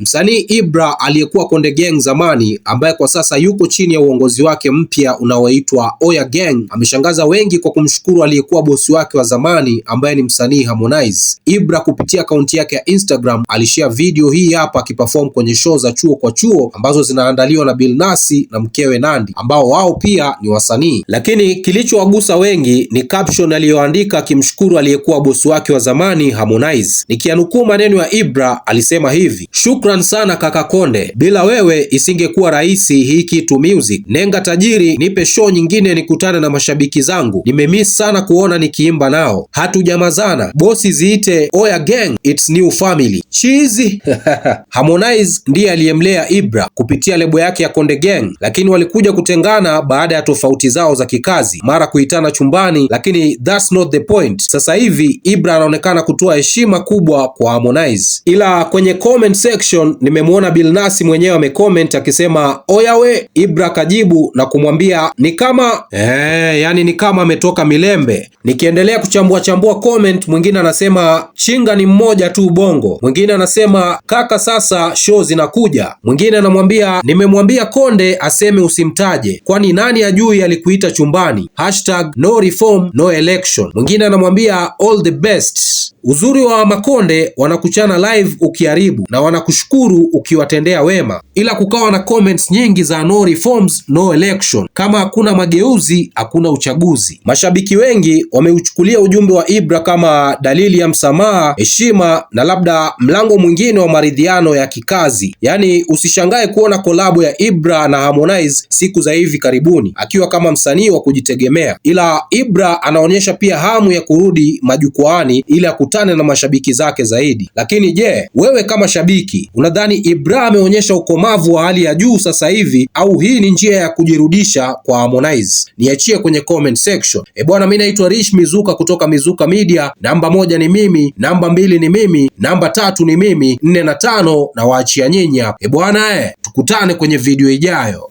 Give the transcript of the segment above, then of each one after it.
Msanii Ibra aliyekuwa Konde Gang zamani, ambaye kwa sasa yuko chini ya uongozi wake mpya unaoitwa Oya Gang, ameshangaza wengi kwa kumshukuru aliyekuwa bosi wake wa zamani ambaye ni msanii Harmonize. Ibra kupitia akaunti yake ya Instagram alishare video hii hapa akiperform kwenye show za chuo kwa chuo ambazo zinaandaliwa na Billnass na mkewe Nandy, ambao wao pia ni wasanii. Lakini kilichowagusa wengi ni caption aliyoandika akimshukuru aliyekuwa bosi wake wa zamani Harmonize. Nikianukuu maneno ya Ibra, alisema hivi: Shukra Shukran sana kaka Konde, bila wewe isingekuwa rahisi hii kitu music. Nenga tajiri, nipe show nyingine nikutane na mashabiki zangu, nimemiss sana kuona nikiimba nao. Hatujamazana bosi, ziite Oya Gang, it's new family chizi. Harmonize ndiye aliyemlea Ibra kupitia lebo yake ya Konde Gang, lakini walikuja kutengana baada ya tofauti zao za kikazi, mara kuitana chumbani, lakini that's not the point. Sasa hivi Ibra anaonekana kutoa heshima kubwa kwa Harmonize, ila kwenye comment section reaction nimemwona Bilnasi mwenyewe amecomment akisema oyawe. Ibra kajibu na kumwambia ni kama eh, yani ni kama ametoka milembe. Nikiendelea kuchambua chambua comment, mwingine anasema chinga ni mmoja tu Bongo, mwingine anasema kaka, sasa show zinakuja, mwingine anamwambia nimemwambia Konde aseme usimtaje, kwani nani ajui alikuita chumbani, hashtag no reform no election. Mwingine anamwambia all the best Uzuri wa Makonde wanakuchana live ukiharibu na wanakushukuru ukiwatendea wema, ila kukawa na comments nyingi za no reforms no election, kama hakuna mageuzi hakuna uchaguzi. Mashabiki wengi wameuchukulia ujumbe wa Ibra kama dalili ya msamaha, heshima na labda mlango mwingine wa maridhiano ya kikazi. Yaani, usishangae kuona kolabo ya Ibra na Harmonize siku za hivi karibuni akiwa kama msanii wa kujitegemea, ila Ibra anaonyesha pia hamu ya kurudi majukwaani ila akutane na mashabiki zake zaidi. Lakini je, wewe kama shabiki unadhani Ibra ameonyesha ukomavu wa hali ya juu sasa hivi au hii ni njia ya kujirudisha kwa Harmonize? Niachie kwenye comment section. E bwana, mimi naitwa Rich Mizuka kutoka Mizuka Media. Namba moja ni mimi, namba mbili ni mimi, namba tatu ni mimi, nne na tano na waachia nyinyi hapa. E bwana, eh, tukutane kwenye video ijayo.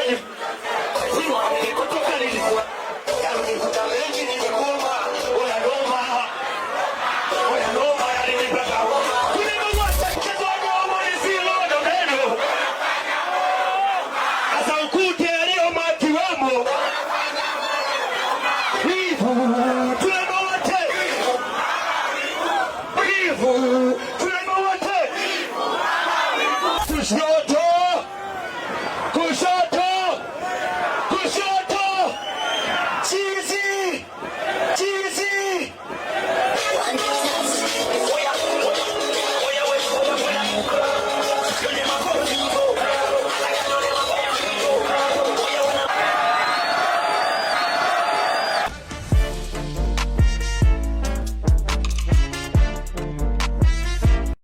ভুল কৃষ্ণ